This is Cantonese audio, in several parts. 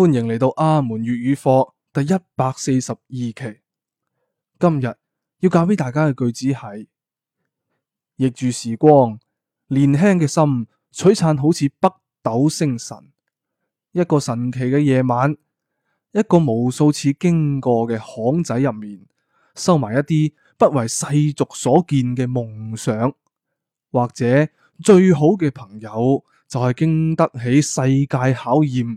歡迎嚟到阿門粵語課第一百四十二期。今日要教俾大家嘅句子係：逆住時光，年輕嘅心璀璨好似北斗星辰。一個神奇嘅夜晚，一個無數次經過嘅巷仔入面，收埋一啲不為世俗所見嘅夢想。或者最好嘅朋友，就係經得起世界考驗。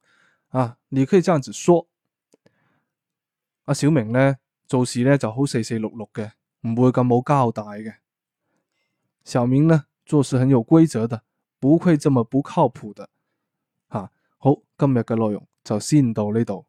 啊，你可以這樣子說，阿小明呢，做事呢就好四四六六嘅，唔會咁冇交代嘅。小明呢做事很有規則的，唔會咁不靠譜的。啊，好，今日嘅內容就先到呢度。